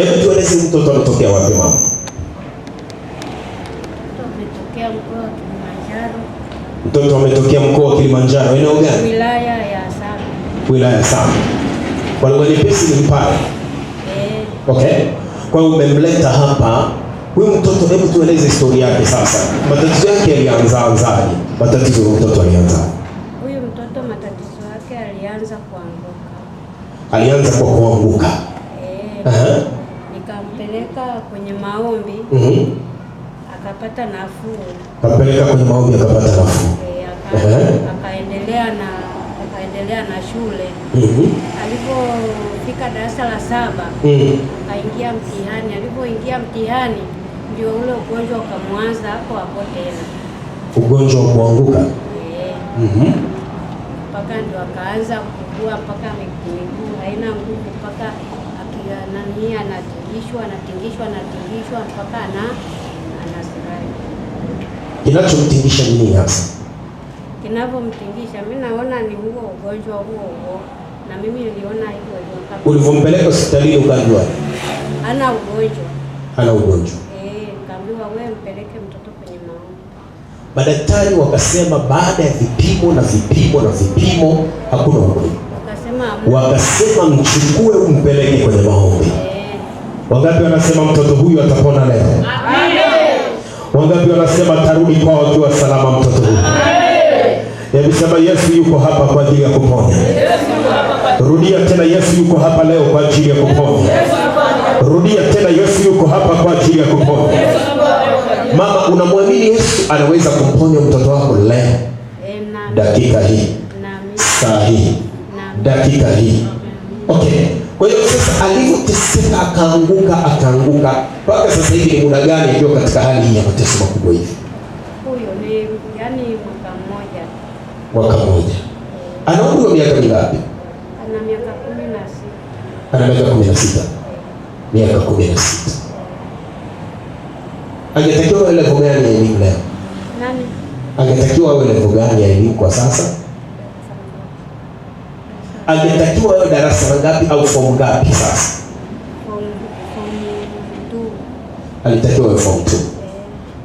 Hebu tueleze mtoto ametokea wapi mama? Mtoto ametokea mkoa wa Kilimanjaro, eneo gani? Wilaya ya Same. Wilaya ya Same. Kwa lugha nyepesi ni Mpare. Eh. Okay. Kwa hiyo umemleta hapa huyu mtoto, hebu tueleze historia yake sasa. Matatizo yake yalianza anzaje? Matatizo ya mtoto alianza. Huyu mtoto matatizo yake alianza kuanguka. Alianza kwa kuanguka. Eh. Uh -huh kwenye maombi mm -hmm. akapata nafuu, kapeleka kwenye maombi akapata nafuu eh, aka, akaendelea na akaendelea na shule mm -hmm. alipofika darasa la saba mm -hmm. akaingia mtihani, alipoingia mtihani ndio ule ugonjwa ukamwanza hapo hapo tena, ugonjwa kuanguka mm -hmm. mpaka ndio akaanza kukua mpaka miguu haina nguvu mpaka ya nani anatingishwa anatingishwa anatingishwa mpaka ana anasirai. Kinachomtingisha nini hasa? Kinavyomtingisha mimi naona ni huo ugonjwa huo huo, na mimi niliona hivyo hivyo. Ulivyompeleka hospitali ukajua ana ugonjwa, ana ugonjwa eh, kaambiwa wewe mpeleke mtoto kwenye maombi. Madaktari wakasema baada ya vipimo na vipimo na vipimo hakuna ugonjwa wakasema mchukue umpeleke kwenye maombi. Wangapi wanasema mtoto huyu atapona leo? Wangapi wanasema tarudi kwao akiwa salama mtoto huyu? Hebu sema Yesu yuko hapa kwa ajili ya kuponya. Rudia tena, Yesu yuko hapa leo kwa ajili ya kuponya. Rudia tena, Yesu yuko hapa kwa ajili ya kuponya. Mama, unamwamini Yesu anaweza kumponya mtoto wako leo, dakika hii, saa hii dakika hii. Okay, kwa hiyo sasa alivyoteseka akaanguka, akaanguka mpaka sasa hivi ni muda gani ndio katika hali hii ya mateso makubwa hivi? Huyo ni yani mwaka mmoja, mwaka mmoja. Ana umri wa miaka mingapi? Ana miaka kumi na sita. Ana miaka kumi na sita, miaka kumi na sita. Angetakiwa awe level gani ya elimu leo? Nani? Angetakiwa awe level gani ya elimu kwa sasa? angetakiwa awe darasa ngapi au form ngapi? Sasa alitakiwa awe form 2,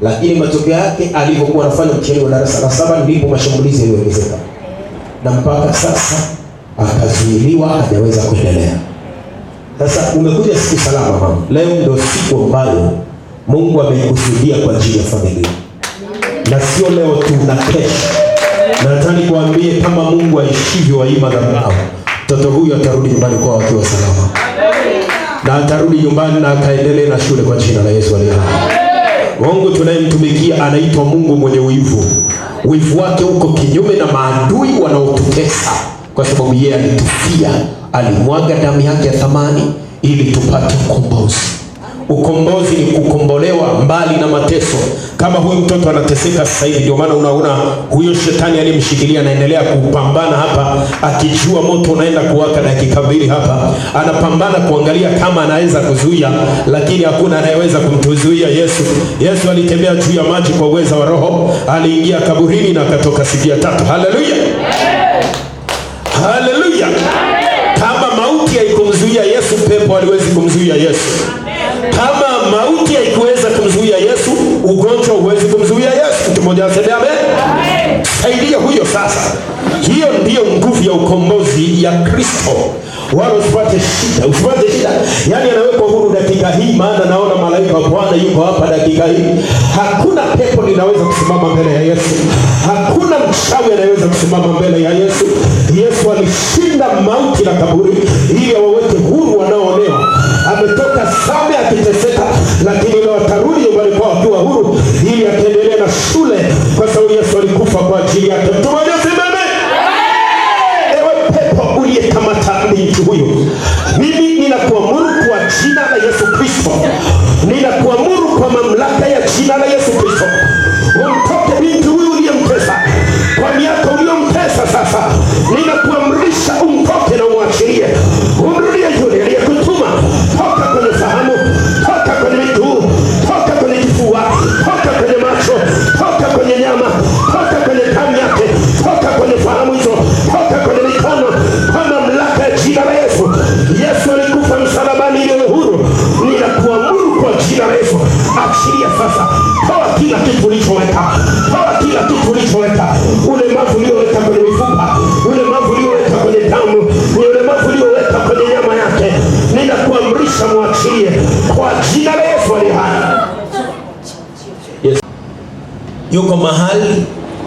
lakini matokeo yake alivyokuwa anafanya mtihani wa darasa la saba ndipo mashambulizi yaliongezeka, na mpaka sasa akazuiliwa, hajaweza kuendelea. Sasa umekuja siku salama mama. Leo ndio siku ambayo Mungu amekusudia kwa ajili ya familia, na sio leo tu na kesho na nataka kama Mungu aishivyo wa aima mtoto huyu atarudi nyumbani kwa wakiwa salama, na atarudi nyumbani na akaendelee na shule kwa jina la Yesu aliye hai. Mungu tunayemtumikia anaitwa Mungu mwenye wivu. Wivu wake uko kinyume na maadui wanaotutesa, kwa sababu yeye alitufia, alimwaga damu yake ya thamani ili tupate ukombozi. Ukombozi ni kukombolewa mbali na mateso. Kama huyu mtoto anateseka sasa hivi, ndio maana unaona huyo shetani aliyemshikilia anaendelea kupambana hapa, akijua moto unaenda kuwaka dakika mbili hapa, anapambana kuangalia kama anaweza kuzuia, lakini hakuna anayeweza kumtuzuia Yesu. Yesu alitembea juu ya maji kwa uweza wa Roho, aliingia kaburini na akatoka siku ya tatu. Haleluya, haleluya! Kama mauti haikumzuia Yesu, pepo haliwezi kumzuia Yesu. mmoja aseme amen. Saidia huyo sasa. Hiyo ndiyo nguvu ya ukombozi ya Kristo, wala usipate shida, usipate shida. Yani anawekwa huru dakika hii, maana naona malaika wa Bwana yuko hapa dakika hii. Hakuna pepo linaweza kusimama mbele ya Yesu, hakuna mchawi anaweza kusimama mbele ya Yesu. Yesu alishinda mauti na kaburi ili awaweke huru wanao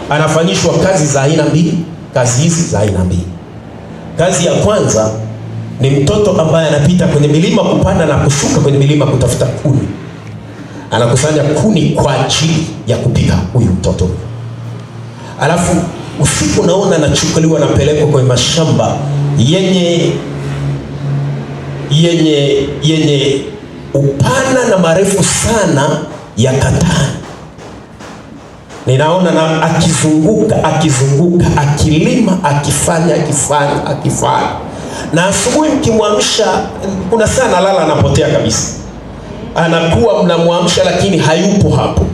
anafanyishwa kazi za aina mbili, kazi hizi za aina mbili. Kazi ya kwanza ni mtoto ambaye anapita kwenye milima kupanda na kushuka kwenye milima kutafuta kuni, anakusanya kuni kwa ajili ya kupika huyu mtoto. Alafu usiku naona anachukuliwa, napelekwa kwenye mashamba yenye yenye yenye upana na marefu sana ya katani ninaona na akizunguka akizunguka akilima akifanya akifanya akifanya, na asubuhi mkimwamsha, kuna saa lala anapotea kabisa, anakuwa mnamwamsha lakini hayupo hapo,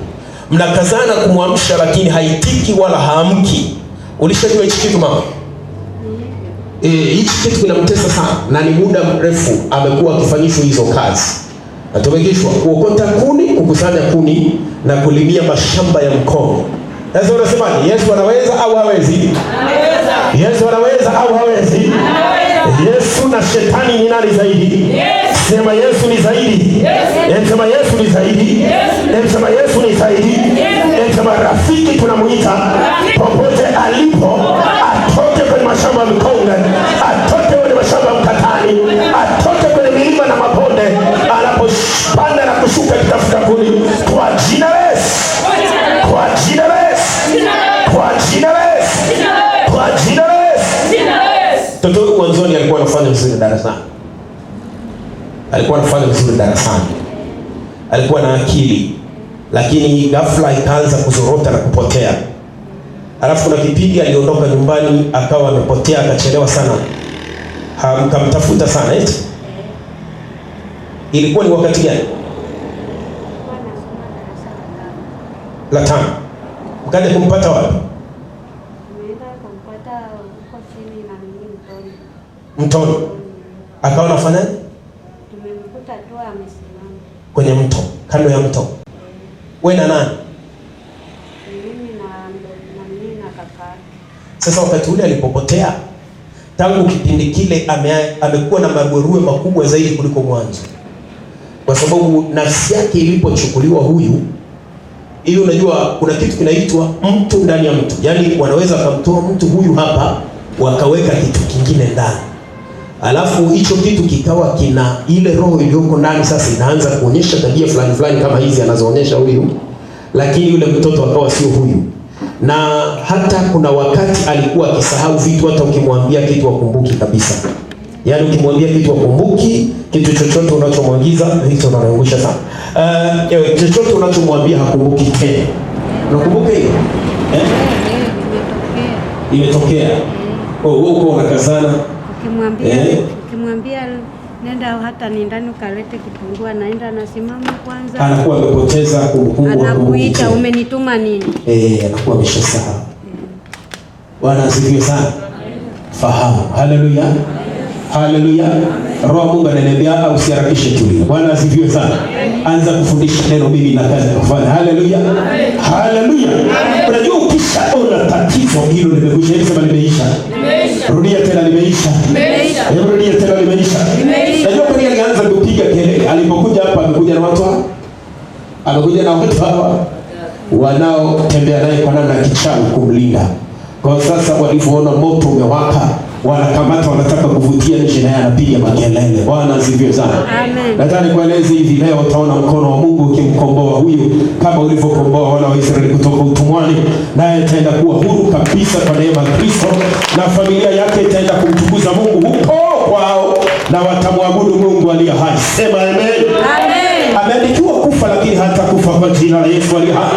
mnakazana kumwamsha lakini haitiki wala haamki. Ulishajua hichi kitu mama? E, hichi kitu kinamtesa sana na ni muda mrefu amekuwa akifanyishwa hizo kazi atumikishwa kuokota kuni, kukusanya kuni na kulimia mashamba ya mkono Sasa unasemaje? Yesu anaweza au hawezi? Anaweza. Yesu anaweza au hawezi? Anaweza. Yesu na shetani ni nani zaidi? Yesu. Sema Yesu ni zaidi. Yesu. Sema Yesu ni zaidi. Yesu. Sema Yesu ni zaidi. alikuwa anafanya vizuri darasani, alikuwa na akili, lakini ghafla ikaanza kuzorota na kupotea. Alafu kuna kipindi aliondoka nyumbani akawa amepotea, akachelewa sana, hamkamtafuta sana. Eti ilikuwa ni wakati gani? La tano. Mkaja kumpata wapi? Mtoni. Akawa anafanyaje? kando ya mto. Wewe na nani? Sasa wakati ule alipopotea, tangu kipindi kile amekuwa na maruerue makubwa zaidi kuliko mwanzo, kwa sababu nafsi yake ilipochukuliwa huyu ili unajua, kuna kitu kinaitwa mtu ndani ya mtu, yaani wanaweza wakamtoa mtu huyu hapa wakaweka kitu kingine ndani alafu hicho kitu kikawa kina ile roho iliyoko ndani, sasa inaanza kuonyesha tabia fulani fulani kama hizi anazoonyesha huyu, lakini yule mtoto akawa sio huyu. Na hata kuna wakati alikuwa akisahau vitu, hata ukimwambia kitu akumbuki kabisa. Yaani ukimwambia kitu akumbuki, kitu chochote unachomwagiza hicho unamwangusha sana. Uh, chochote unachomwambia hakumbuki tena. Unakumbuka hiyo? Eh? Imetokea. Mm. Oh, wewe uko unakazana Ukimwambia eh, ukimwambia nenda hata ni ndani ukalete kitunguu, anaenda anasimama kwanza, anakuwa amepoteza kumbukumbu, anakuita umenituma nini? Eh, anakuwa ameshasahau. Bwana asifiwe sana. Fahamu. Haleluya, haleluya. Roho Mungu ananiambia hapa usiharakishe tulio. Bwana asifiwe sana. Anza kufundisha neno, mimi na kazi kufanya. Haleluya, haleluya. Unajua ukishaona tatizo hilo limekwisha, sema limeisha Rudia tena nimeisha. Limeisha. Hebu rudia tena nimeisha. Limeisha. Najua kwa nini alianza kupiga kelele. Alipokuja hapa amekuja na watu hawa, Amekuja na watu hawa wanaotembea naye kwa namna ya kichawi kumlinda. Kwa sasa walivyoona moto umewaka wanakamata, wanataka kuvutia nje, naye anapiga makelele. Bwana asifiwe sana. Nadhani kueleze hivi leo, utaona mkono wa Mungu ukimkomboa huyu kama ulivyokomboa wana wa Israeli kutoka utumwani, naye ataenda kuwa huru kabisa kwa neema ya Kristo, na familia yake itaenda kumtukuza Mungu huko kwao, na watamwabudu Mungu aliye hai. Sema amen. Amen. Ameandikiwa kufa, lakini hata kufa kwa jina la Yesu aliye hai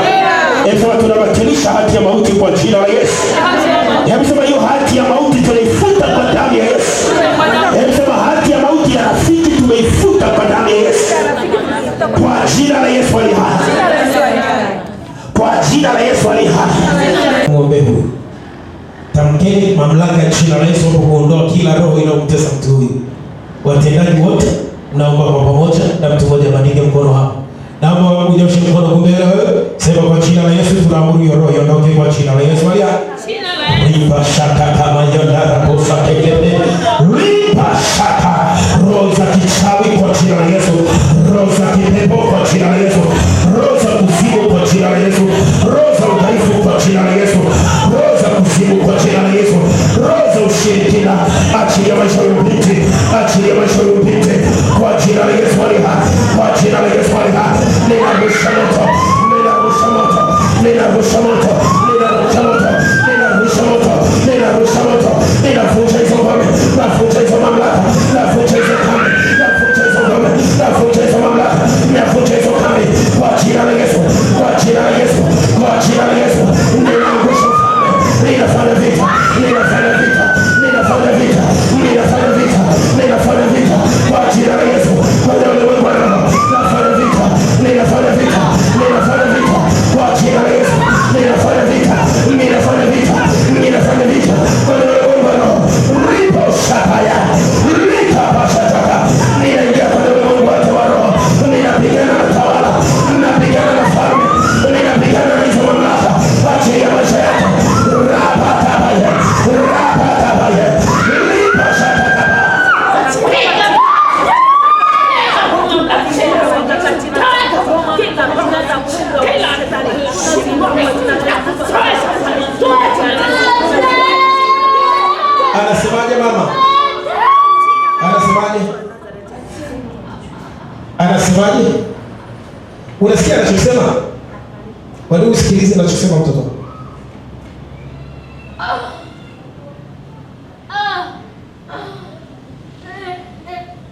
mamlaka ya chini ya rais wapo kuondoa kila roho inayomtesa mtu huyu. Watendaji wote naomba kwa pamoja, na mtu mmoja bandike mkono hapo, naomba unyoshe mkono kumbe wewe, sema kwa jina la Yesu tunaamuru hiyo roho iondoke, kwa jina la Yesu.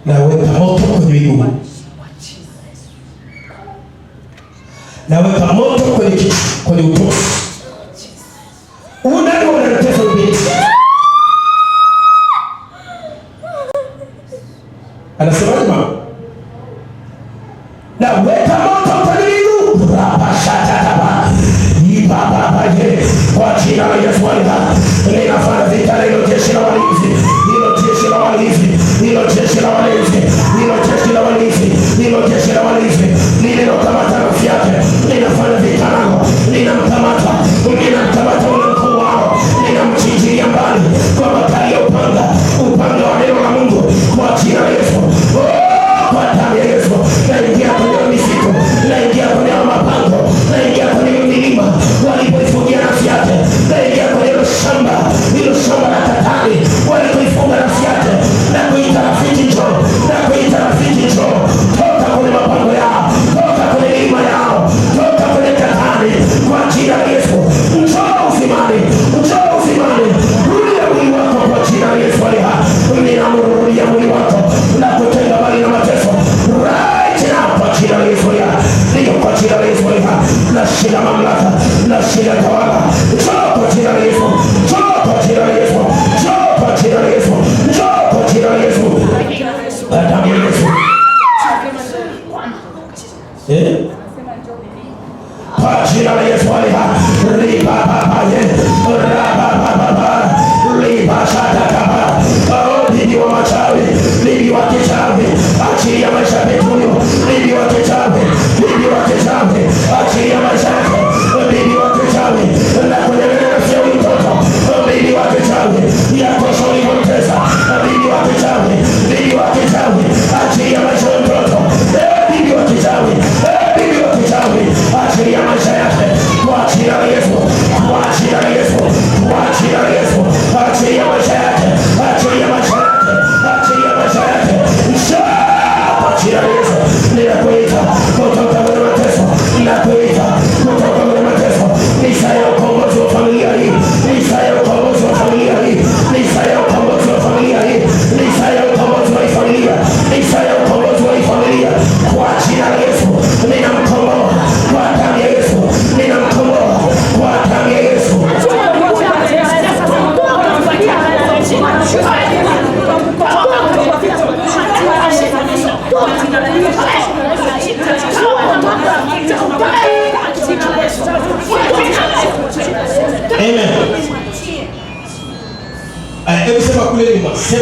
na weka moto kwenye miguu, na weka moto kwenye kichwa, kwenye utosi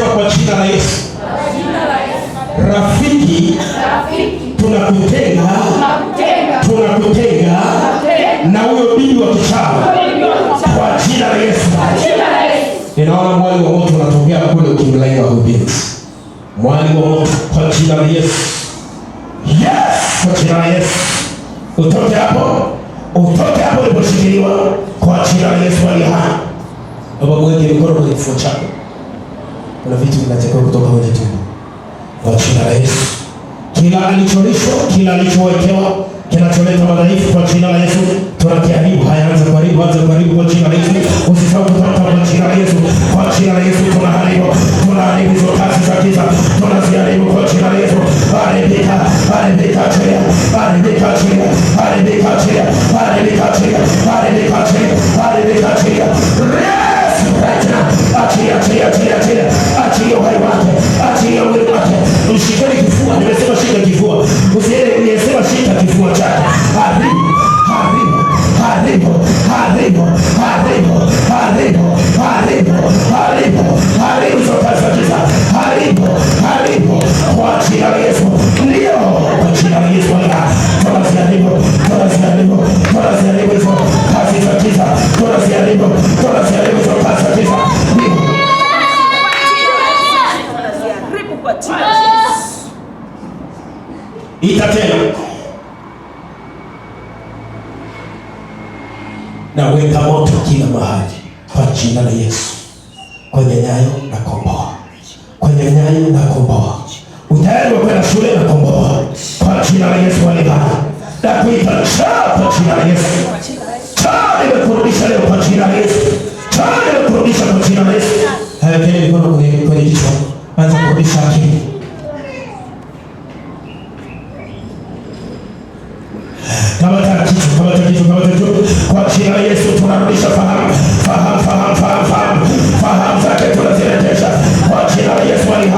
Sema kwa jina la Yesu, rafiki, tunakutenga tunakutenga na huyo bibi wa kichawi kwa jina la Yesu. Ninaona mwali wa moto unatokea kule wa uvinzi, mwali wa moto kwa jina la Yesu. Yes, kwa jina la Yesu, utoke hapo, utoke hapo uliposhikiliwa kwa jina la Yesu. wali Walihana baba, mwenye mikono kwenye kifua chako kuna vitu vinatakiwa kutoka kwenye tumbo. Kwa jina la Yesu, kila alicholishwa, kila alichowekewa, kinacholeta madhaifu, kwa jina la Yesu tunakiharibu. Hayaanze karibu, anza karibu, kwa jina la Yesu. Usisahau kutoka kwa jina la Yesu, kwa jina la Yesu tunaharibu, tunaharibu hizo kazi za giza, tunaziharibu kwa jina la Yesu. Haribika, haribika tena, haribika tena, haribika chia, haribika tena, haribika tena, haribika tena. Yes, right now, achia, achia, achia, achia achilia uhai wake, achilia mwili wake, mshikeni kifua. Nimesema shika kifua, nimesema shika kifua chake. Haribu, haribu, haribu, haribu, haribu shule na komboa kwa jina la Yesu aliye Na kuita taa kwa jina la Yesu. Taa imekurudisha leo kwa jina la Yesu. Taa imekurudisha kwa jina la Yesu. Haya pia mikono kwenye kichwa. Anza kurudisha akili. Kama takitu, kama takitu, kama takitu. Kwa jina la Yesu tunarudisha fahamu. Fahamu, fahamu, fahamu, fahamu. Fahamu zake tunazirejesha. Kwa jina la Yesu aliye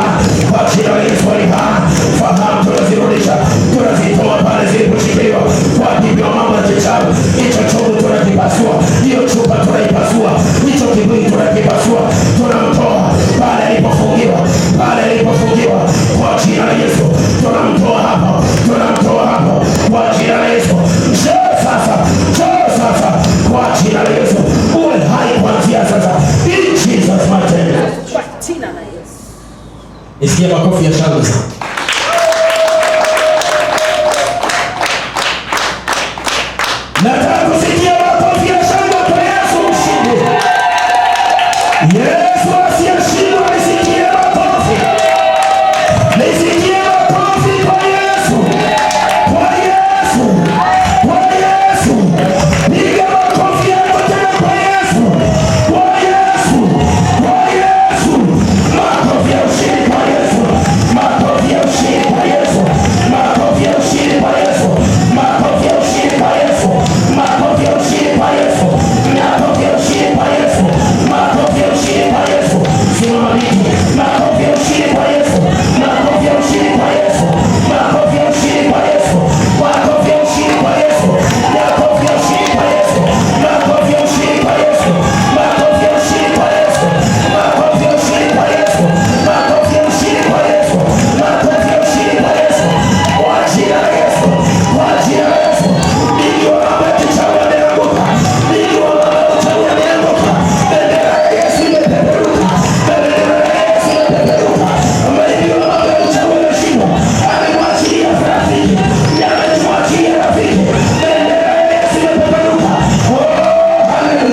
Kwa jina la Yesu aliye